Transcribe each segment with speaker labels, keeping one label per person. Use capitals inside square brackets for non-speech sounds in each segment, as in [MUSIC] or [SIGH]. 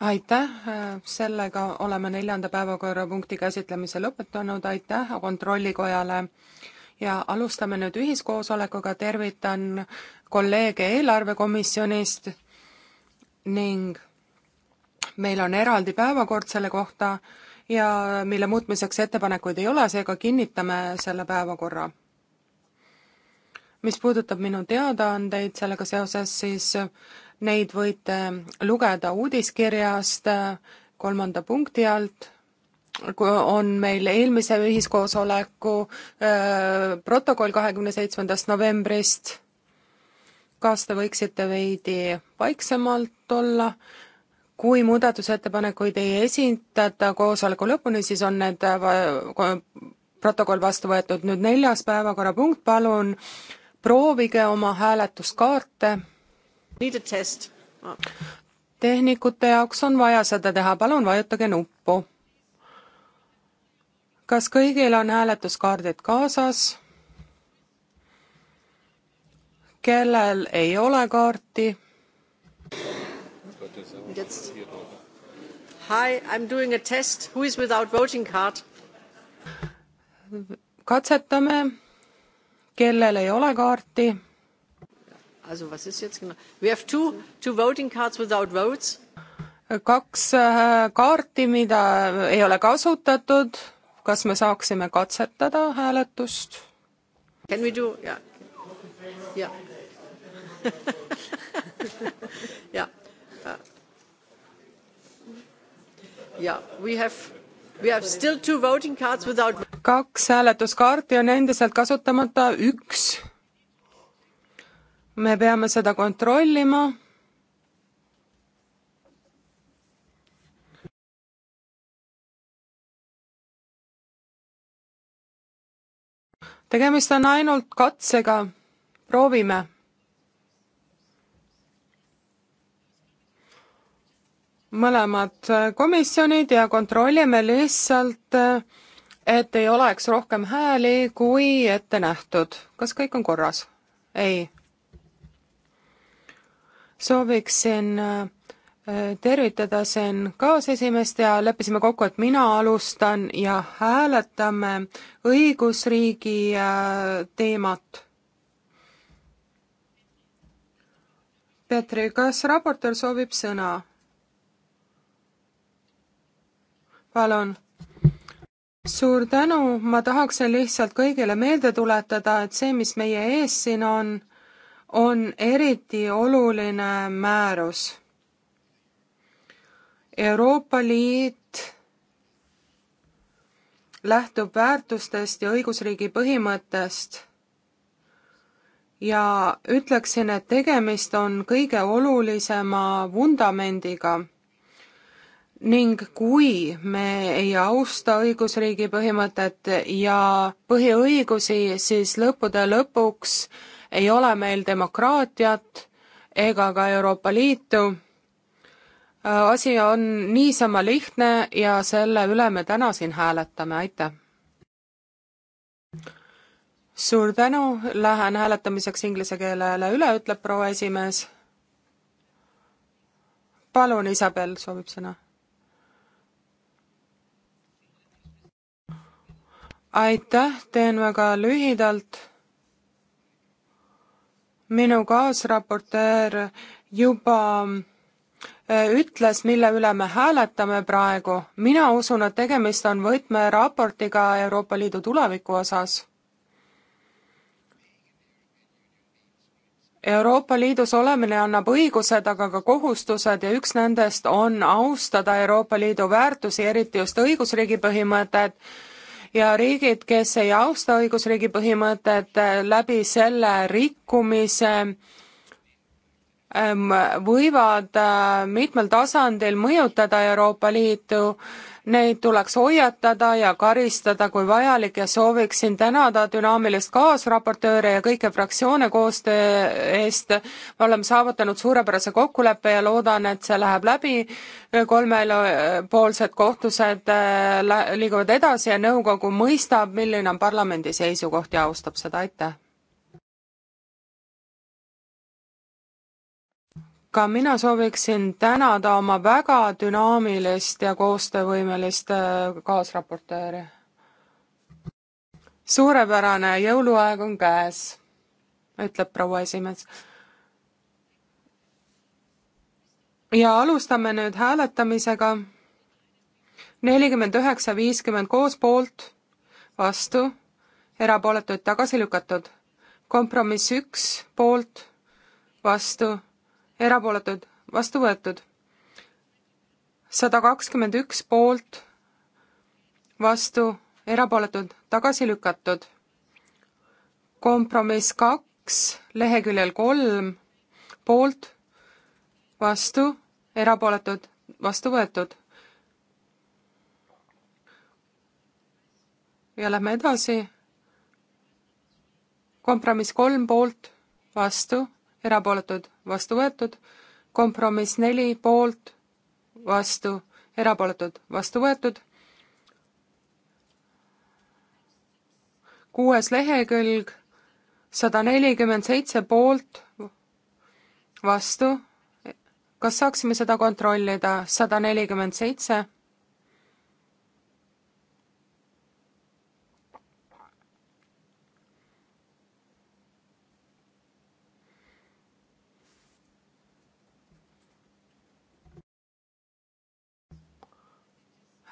Speaker 1: aitäh, sellega oleme neljanda päevakorrapunkti käsitlemise lõpetanud, aitäh Kontrollikojale ja alustame nüüd ühiskoosolekuga, tervitan kolleege eelarvekomisjonist ning meil on eraldi päevakord selle kohta ja mille muutmiseks ettepanekuid ei ole, seega kinnitame selle päevakorra. mis puudutab minu teadaandeid sellega seoses, siis Neid võite lugeda uudiskirjast äh, kolmanda punkti alt, on meil eelmise ühiskoosoleku äh, protokoll kahekümne seitsmendast novembrist. kas te võiksite veidi vaiksemalt olla? kui muudatusettepanekuid ei esitata koosoleku lõpuni, siis on need äh, protokoll vastu võetud. nüüd neljas päevakorrapunkt, palun proovige oma hääletuskaarte tehnikute jaoks on vaja seda teha, palun vajutage nuppu. kas kõigil on hääletuskaardid kaasas? kellel ei ole kaarti? Hi, I am doing a test, who is without voting card? katsetame, kellel ei ole kaarti Also was ist jetzt genau? We have two, two voting cards without votes. kaks äh, kaarti, mida ei ole kasutatud. kas me saaksime katsetada hääletust? Can we do, jah. jah. jah. jah, we have kaks hääletuskaarti on endiselt kasutamata, üks me peame seda kontrollima. tegemist on ainult katsega, proovime mõlemad komisjonid ja kontrollime lihtsalt, et ei oleks rohkem hääli, kui ette nähtud. kas kõik on korras? ei sooviksin äh, tervitada siin kaasesimeest ja leppisime kokku, et mina alustan ja hääletame õigusriigi äh, teemat. Petri, kas raportöör soovib sõna? palun. suur tänu, ma tahaksin lihtsalt kõigile meelde tuletada, et see, mis meie ees siin on, on eriti oluline määrus. Euroopa Liit lähtub väärtustest ja õigusriigi põhimõttest ja ütleksin, et tegemist on kõige olulisema vundamendiga. ning kui me ei austa õigusriigi põhimõtet ja põhiõigusi, siis lõppude lõpuks äh, ei ole meil demokraatiat ega ka Euroopa Liitu. Äh, asi on niisama lihtne ja selle üle me täna siin hääletame, aitäh! suur tänu, lähen hääletamiseks inglise keelele üle, ütleb proua esimees. palun, Isabel soovib sõna. aitäh, teen väga lühidalt minu kaasraportöör juba äh, ütles, mille üle me hääletame praegu. mina usun, et tegemist on võtmeraportiga Euroopa Liidu tuleviku osas. Euroopa Liidus olemine annab õigused, aga ka kohustused ja üks nendest on austada Euroopa Liidu väärtusi, eriti just õigusriigi põhimõtet ja riigid, kes ei austa õigusriigi põhimõtet, äh, läbi selle rikkumise ähm, võivad äh, mitmel tasandil mõjutada Euroopa Liitu Neid tuleks hoiatada ja karistada, kui vajalik ja sooviksin tänada dünaamilist kaasraportööre ja kõiki fraktsioone koostöö eest. me oleme saavutanud suurepärase kokkuleppe ja loodan, et see läheb läbi. kolmepoolsed kohtused äh, liiguvad edasi ja nõukogu mõistab, milline on parlamendi seisukoht ja austab seda, aitäh. ka mina sooviksin tänada oma väga dünaamilist ja koostöövõimelist äh, kaasraportööri. suurepärane, jõuluaeg on käes, ütleb proua esimees. ja alustame nüüd hääletamisega. nelikümmend üheksa, viiskümmend koos poolt, vastu, erapooletuid tagasi lükatud. kompromiss üks poolt, vastu erapooletud, vastu võetud. sada kakskümmend üks poolt, vastu, erapooletud, tagasi lükatud. kompromiss kaks, leheküljel kolm, poolt, vastu, erapooletud, vastu võetud. ja lähme edasi. kompromiss kolm poolt, vastu erapooletud, vastu võetud, kompromiss neli poolt, vastu, erapooletud, vastu võetud, kuues lehekülg, sada nelikümmend seitse poolt, vastu, kas saaksime seda kontrollida, sada nelikümmend seitse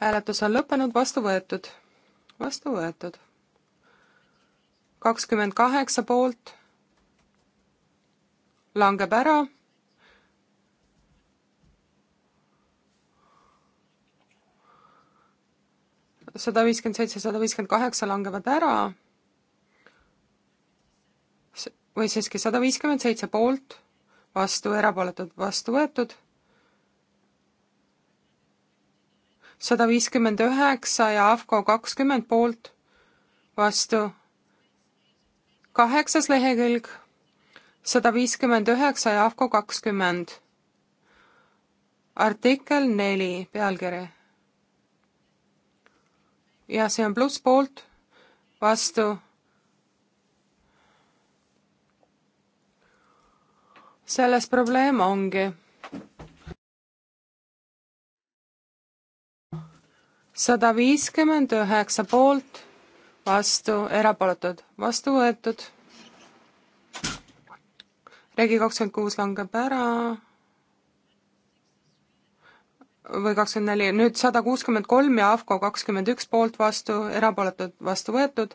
Speaker 1: hääletus on lõppenud, vastu võetud. vastu võetud. kakskümmend kaheksa poolt langeb ära. sada viiskümmend seitse, sada viiskümmend kaheksa langevad ära. või siiski sada viiskümmend seitse poolt, vastu erapooletud, vastu võetud sada viiskümmend üheksa ja AFCO kakskümmend poolt, vastu. kaheksas lehekülg, sada viiskümmend üheksa ja AFCO kakskümmend. artikkel neli, pealkiri. ja see on pluss poolt, vastu selles probleem ongi sada viiskümmend üheksa poolt, vastu, erapooletud, vastu võetud. regi kakskümmend kuus langeb ära. või kakskümmend neli, nüüd sada kuuskümmend kolm ja AFCO kakskümmend üks poolt, vastu, erapooletud, vastu võetud.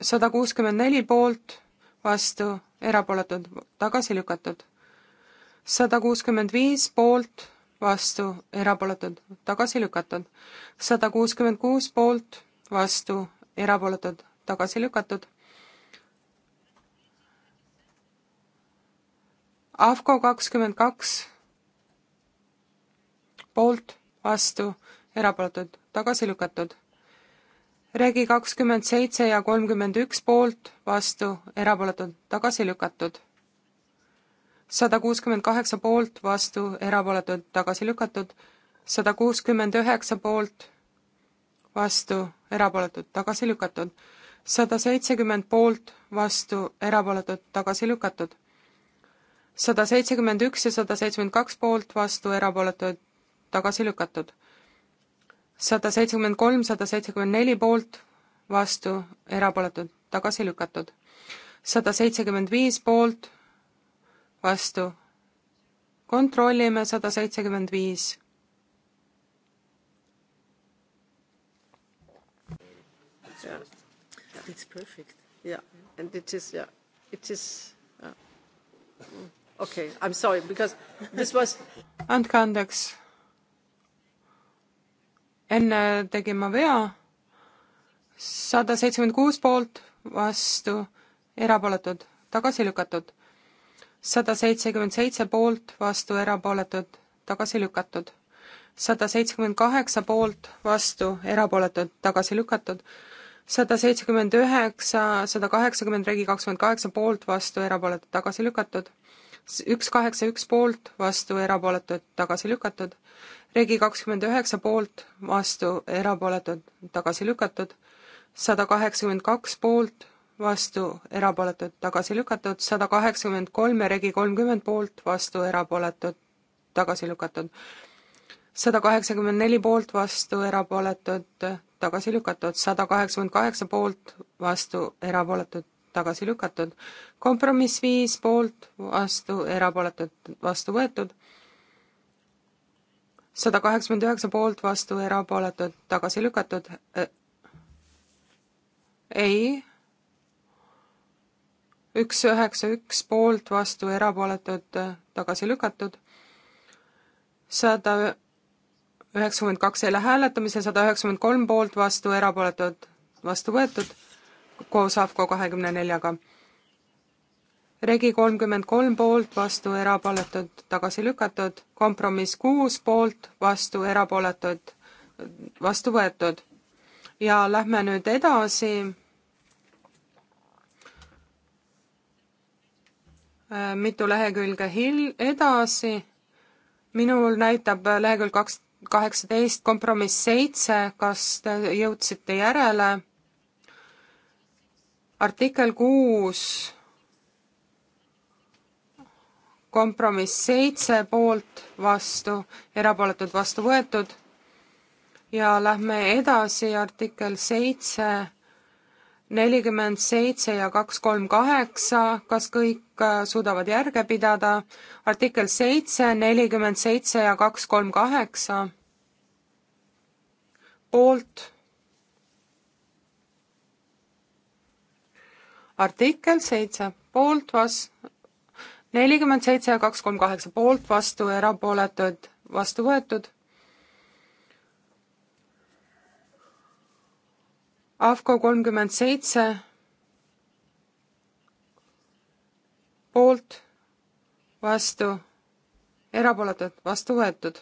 Speaker 1: sada kuuskümmend neli poolt, vastu, erapooletud, tagasi lükatud. sada kuuskümmend viis poolt vastu, erapooletud, tagasi lükatud. sada kuuskümmend kuus poolt, vastu, erapooletud, tagasi lükatud. AFCO kakskümmend kaks poolt, vastu, erapooletud, tagasi lükatud. Regi kakskümmend seitse ja kolmkümmend üks poolt, vastu, erapooletud, tagasi lükatud sada kuuskümmend kaheksa poolt, vastu, erapooletud, tagasi lükatud, sada kuuskümmend üheksa poolt, vastu, erapooletud, tagasi lükatud, sada seitsekümmend poolt, vastu, erapooletud, tagasi lükatud, sada seitsekümmend üks ja sada seitsekümmend kaks poolt, vastu, erapooletud, tagasi lükatud, sada seitsekümmend kolm, sada seitsekümmend neli poolt, vastu, erapooletud, tagasi lükatud, sada seitsekümmend viis poolt, vastu. kontrollime sada seitsekümmend viis. It's perfect. Yeah, and it is, yeah, it is uh,. Okay, I am sorry, because this was. [LAUGHS] andke andeks. enne tegin ma vea. sada seitsekümmend kuus poolt, vastu, erapooletud, tagasi lükatud sada seitsekümmend seitse poolt, vastu, erapooletud, tagasi lükatud. sada seitsekümmend kaheksa poolt, vastu, erapooletud, tagasi lükatud. sada seitsekümmend üheksa, sada kaheksakümmend, regi kakskümmend kaheksa poolt, vastu, erapooletud, tagasi lükatud. üks kaheksa üks poolt, vastu, erapooletud, tagasi lükatud. regi kakskümmend üheksa poolt, vastu, erapooletud, tagasi lükatud. sada kaheksakümmend kaks poolt, vastu, erapooletud, tagasi lükatud, sada kaheksakümmend kolm ja Regi kolmkümmend poolt, vastu, erapooletud, tagasi lükatud. sada kaheksakümmend neli poolt, vastu, erapooletud, tagasi lükatud, sada kaheksakümmend kaheksa poolt, vastu, erapooletud, tagasi lükatud. kompromiss viis poolt, vastu, erapooletud, vastu võetud. sada kaheksakümmend üheksa poolt, vastu, erapooletud, tagasi lükatud. ei üks üheksa üks poolt, vastu, erapooletud, tagasi lükatud. sada üheksakümmend kaks ei lähe hääletamisele, sada üheksakümmend kolm poolt, vastu, erapooletud, vastu võetud, koos AFCO kahekümne neljaga. Regi kolmkümmend kolm poolt, vastu, erapooletud, tagasi lükatud, kompromiss kuus poolt, vastu, erapooletud, vastu võetud. ja lähme nüüd edasi Äh, mitu lehekülge hil-, edasi. minul näitab äh, lehekülg kaks, kaheksateist kompromiss seitse, kas te jõudsite järele? artikkel kuus, kompromiss seitse poolt, vastu, erapooletud, vastu võetud ja lähme edasi, artikkel seitse nelikümmend seitse ja kaks kolm kaheksa, kas kõik äh, suudavad järge pidada? artikkel seitse, nelikümmend seitse ja kaks kolm kaheksa. poolt. artikkel seitse, poolt vas-, nelikümmend seitse ja kaks kolm kaheksa, poolt vastu, erapooletud, vastu võetud AFCO kolmkümmend seitse poolt, vastu, erapooletud, vastu võetud.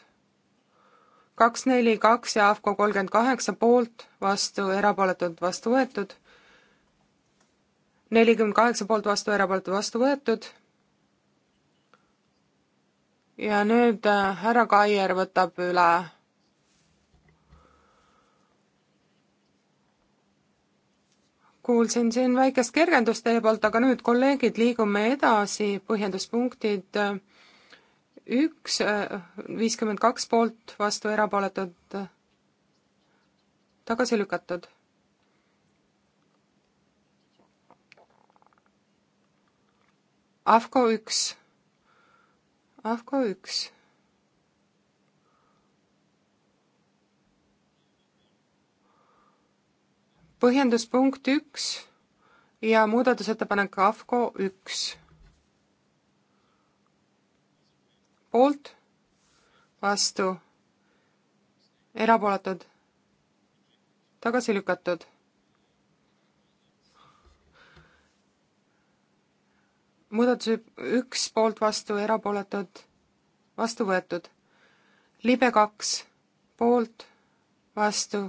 Speaker 1: kaks, neli, kaks ja AFCO kolmkümmend kaheksa poolt, vastu, erapooletud, vastu võetud. nelikümmend kaheksa poolt, vastu, erapooletud, vastu võetud. ja nüüd äh, härra Kaier võtab üle kuulsin siin väikest kergendust teie poolt, aga nüüd, kolleegid, liigume edasi, põhjenduspunktid üks, viiskümmend kaks poolt, vastu erapooletud, tagasi lükatud. AFCO üks, AFCO üks põhjendus punkt üks ja muudatusettepanek AFCO üks. poolt, vastu, erapooletud, tagasi lükatud. muudatus üks poolt, vastu, erapooletud, vastu võetud. libe kaks, poolt, vastu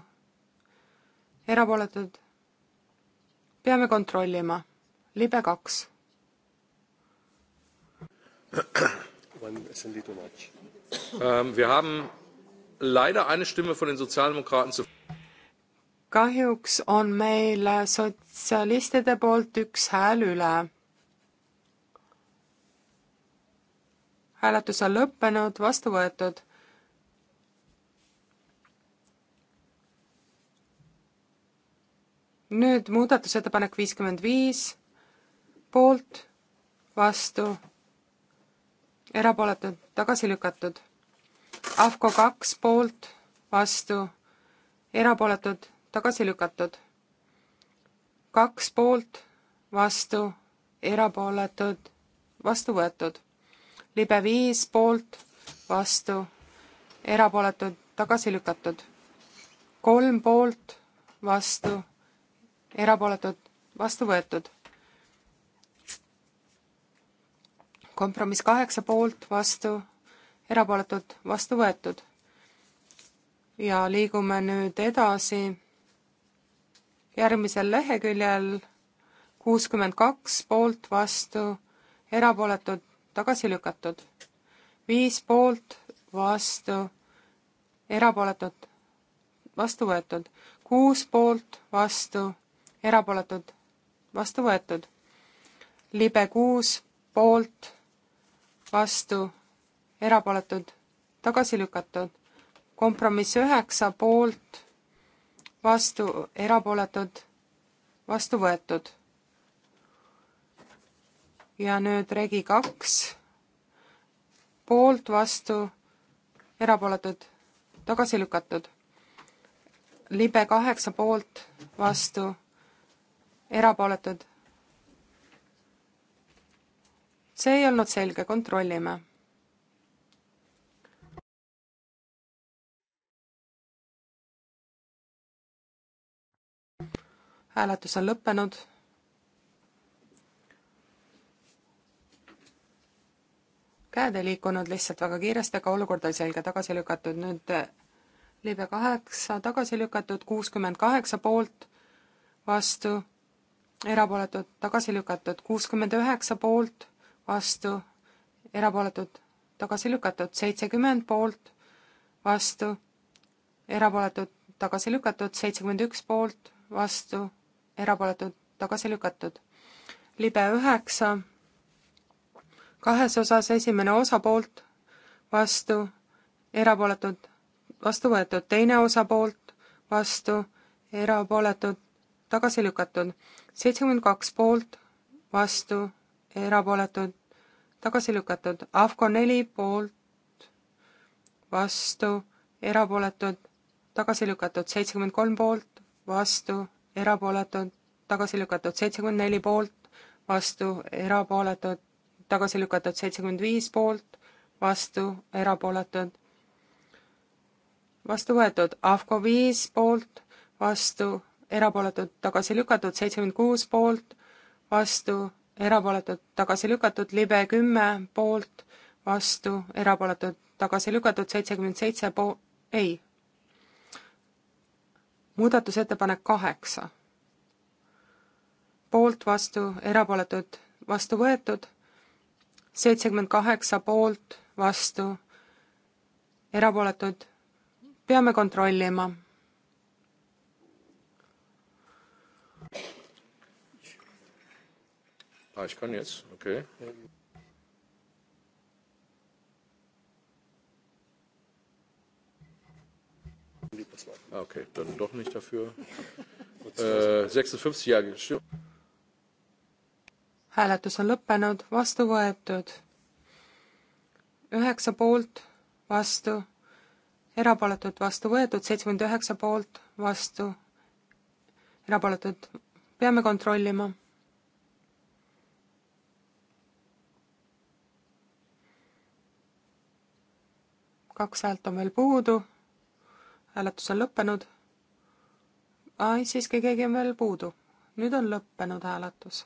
Speaker 1: erapooletud. peame kontrollima. libe kaks. Ähm, wir haben leider eine Stimme von den Sozialdemokraten zu kahjuks on meil sotsialistide poolt üks hääl üle. hääletus on lõppenud, vastu võetud. nüüd muudatusettepanek viiskümmend viis, poolt, vastu, erapooletud, tagasi lükatud. AFCO kaks poolt, vastu, erapooletud, tagasi lükatud. kaks poolt, vastu, erapooletud, vastu võetud. libe viis poolt, vastu, erapooletud, tagasi lükatud. kolm poolt, vastu erapooletud, vastu võetud. kompromiss kaheksa poolt, vastu, erapooletud, vastu võetud. ja liigume nüüd edasi järgmisel leheküljel kuuskümmend kaks poolt, vastu, erapooletud, tagasi lükatud. viis poolt, vastu, erapooletud, vastu võetud. kuus poolt, vastu erapooletud, vastu võetud. libe kuus, poolt, vastu, erapooletud, tagasi lükatud. kompromiss üheksa, poolt, vastu, erapooletud, vastu võetud. ja nüüd regi kaks, poolt, vastu, erapooletud, tagasi lükatud libe kaheksa poolt, vastu, erapooletud. see ei olnud selge, kontrollime. hääletus on lõppenud käed ei liikunud lihtsalt väga kiiresti, aga olukord oli selge, tagasi lükatud nüüd äh, libe kaheksa, tagasi lükatud kuuskümmend kaheksa poolt, vastu erapooletud, tagasi lükatud, kuuskümmend üheksa poolt, vastu, erapooletud, tagasi lükatud, seitsekümmend poolt, vastu, erapooletud, tagasi lükatud, seitsekümmend üks poolt, vastu, erapooletud, tagasi lükatud. libe üheksa, kahes osas esimene osa poolt, vastu, erapooletud, vastu võetud, teine osa poolt, vastu, erapooletud, tagasi lükatud. seitsekümmend kaks poolt, vastu, erapooletud, tagasi lükatud. AFCO neli poolt, vastu, erapooletud, tagasi lükatud. seitsekümmend kolm poolt, vastu, erapooletud, tagasi lükatud. seitsekümmend neli poolt, vastu, erapooletud, tagasi lükatud. seitsekümmend viis poolt, vastu, erapooletud, vastu võetud. AFCO viis poolt, vastu, erapooletud, tagasi lükatud, seitsekümmend kuus poolt, vastu, erapooletud, tagasi lükatud, libe kümme poolt, vastu, erapooletud, tagasi lükatud, seitsekümmend seitse po-, ei. muudatusettepanek kaheksa. poolt, vastu, erapooletud, vastu võetud, seitsekümmend kaheksa poolt, vastu, erapooletud, peame kontrollima Ah, ich kann jetzt, okay. Ah, okay, dann doch nicht dafür. äh, 56 ja gestimmt. hääletus on lõppenud, vastu võetud. üheksa poolt, vastu, erapooletud, vastu võetud, seitsekümmend üheksa poolt, vastu, erapooletud. peame kontrollima kaks häält on veel puudu. hääletus on lõppenud. ai, siiski keegi on veel puudu. nüüd on lõppenud hääletus.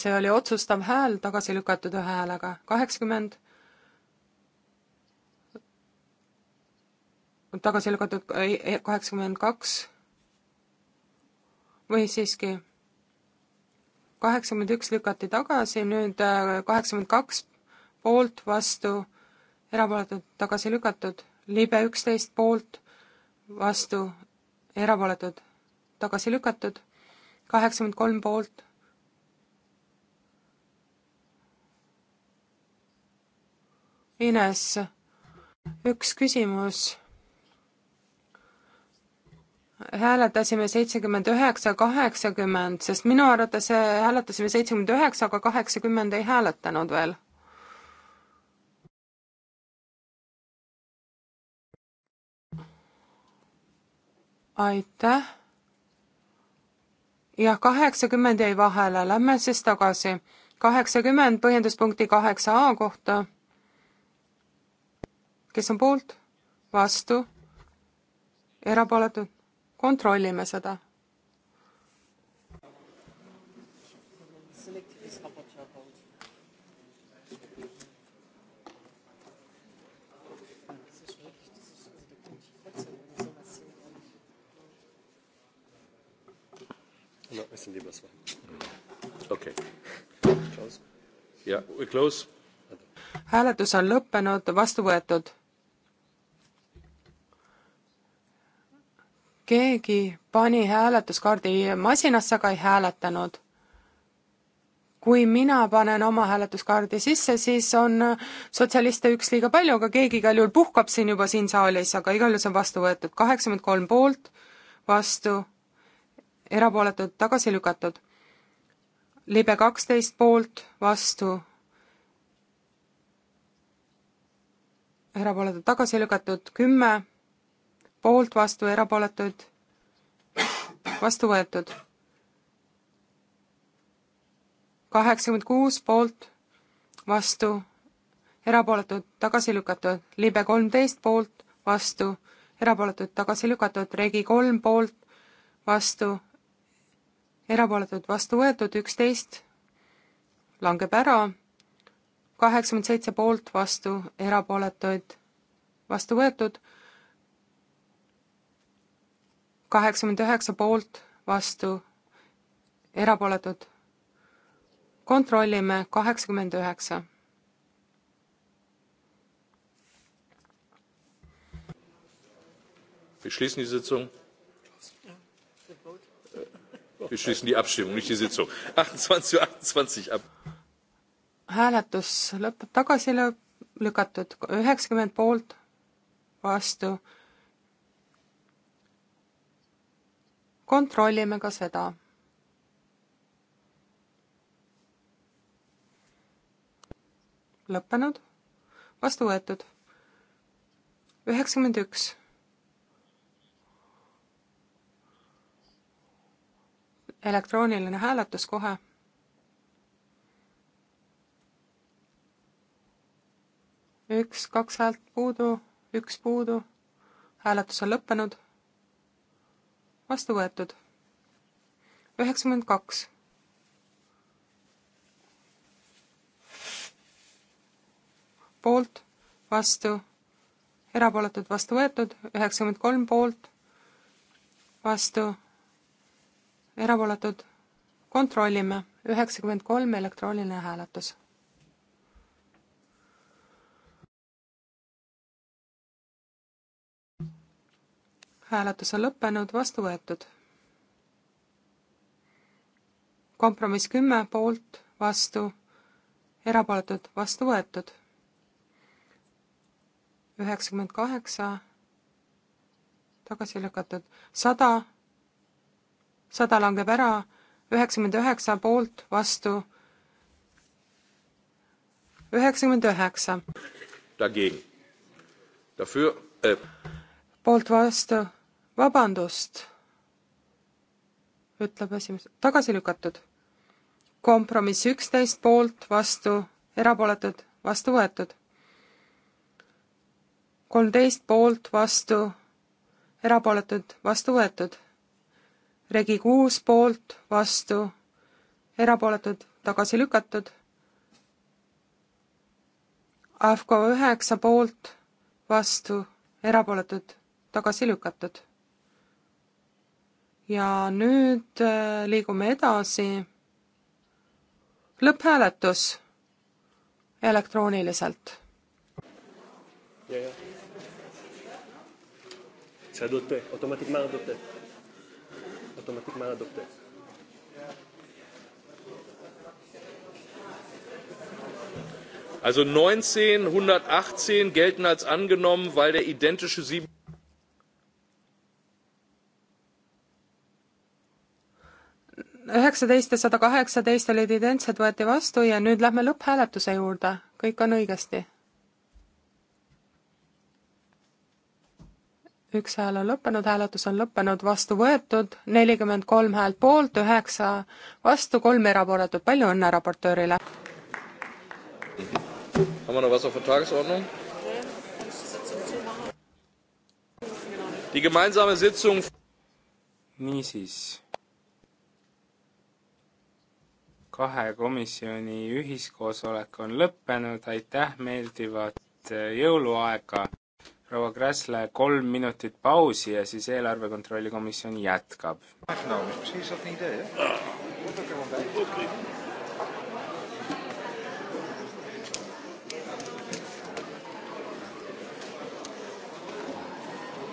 Speaker 1: see oli otsustav hääl, tagasi lükatud ühe häälega, kaheksakümmend. tagasi lükatud kaheksakümmend kaks või siiski kaheksakümmend üks lükati tagasi, nüüd äh, kaheksakümmend kaks poolt, vastu, erapooletud, tagasi lükatud, libe üksteist poolt, vastu, erapooletud, tagasi lükatud, kaheksakümmend kolm poolt, Ines, üks küsimus hääletasime seitsekümmend üheksa, kaheksakümmend, sest minu arvates hääletasime seitsekümmend üheksa, aga kaheksakümmend ei hääletanud veel. aitäh. jah, kaheksakümmend jäi vahele, lähme siis tagasi. kaheksakümmend põhjenduspunkti kaheksa A kohta. kes on poolt? vastu? erapooletud? kontrollime seda. No, es sind immer zwei. Okay. Ja, we close. hääletus on lõppenud, vastu võetud keegi pani hääletuskaardi masinasse, aga ei hääletanud. kui mina panen oma hääletuskaardi sisse, siis on sotsialiste üks liiga palju, aga keegi igal juhul puhkab siin juba siin saalis, aga igal juhul see on vastu võetud. kaheksakümmend kolm poolt, vastu, erapooletud, tagasi lükatud. libe kaksteist poolt, vastu, erapooletud, tagasi lükatud, kümme poolt, vastu, erapooletuid, vastu võetud. kaheksakümmend kuus poolt, vastu, erapooletud, tagasi lükatud, libe kolmteist poolt, vastu, erapooletud, tagasi lükatud, regi kolm poolt, vastu, erapooletud, vastu võetud, üksteist langeb ära, kaheksakümmend seitse poolt, vastu, erapooletuid, vastu võetud kaheksakümmend üheksa poolt, vastu, erapooletud. kontrollime, kaheksakümmend üheksa. Wir schließen die Sitzung. Wir schließen die Abstimmung, nicht die Sitzung. 28 zu 28 ab. hääletus lõpeb tagasi lükatud, üheksakümmend poolt, vastu kontrollime ka seda. lõppenud, vastu võetud. üheksakümmend üks. elektrooniline hääletus kohe üks, kaks häält puudu, üks puudu. hääletus on lõppenud vastu võetud. üheksakümmend kaks. poolt, vastu, erapooletud, vastu võetud, üheksakümmend kolm poolt, vastu, erapooletud, kontrollime, üheksakümmend kolm elektrooniline hääletus hääletus on lõppenud, vastu võetud. kompromiss kümme poolt, vastu, erapooletud, vastu võetud. üheksakümmend kaheksa, tagasi lükatud, sada, sada langeb ära, üheksakümmend üheksa poolt, vastu, üheksakümmend üheksa. Dagegen. Dafür äh.... poolt, vastu vabandust, ütleb esimees, tagasi lükatud. kompromiss üksteist poolt, vastu, erapooletud, vastu võetud. kolmteist poolt, vastu, erapooletud, vastu võetud. regi kuus poolt, vastu, erapooletud, tagasi lükatud. AFCO üheksa poolt, vastu, erapooletud, tagasi lükatud ja nüüd äh, liigume edasi. lõpphääletus elektrooniliselt. see adopté, automatiquement adopté, automatiquement adopté. Also 19, 118 gelten als angenommen, weil der identische 7. üheksateist ja sada kaheksateist olid identsed, võeti vastu ja nüüd lähme lõpphääletuse juurde, kõik on õigesti. üks hääl on lõppenud, hääletus on lõppenud, vastu võetud, nelikümmend kolm häält poolt, üheksa vastu, kolm erapooletut, palju õnne raportöörile! Haben wir noch was auf der Tagesordnung? Die gemeinsame Sitzung. Niisiis kahe komisjoni ühiskoosolek on lõppenud, aitäh, meeldivat äh, jõuluaega! proua Gräsle, kolm minutit pausi ja siis eelarve kontrolli komisjon jätkab. Noh,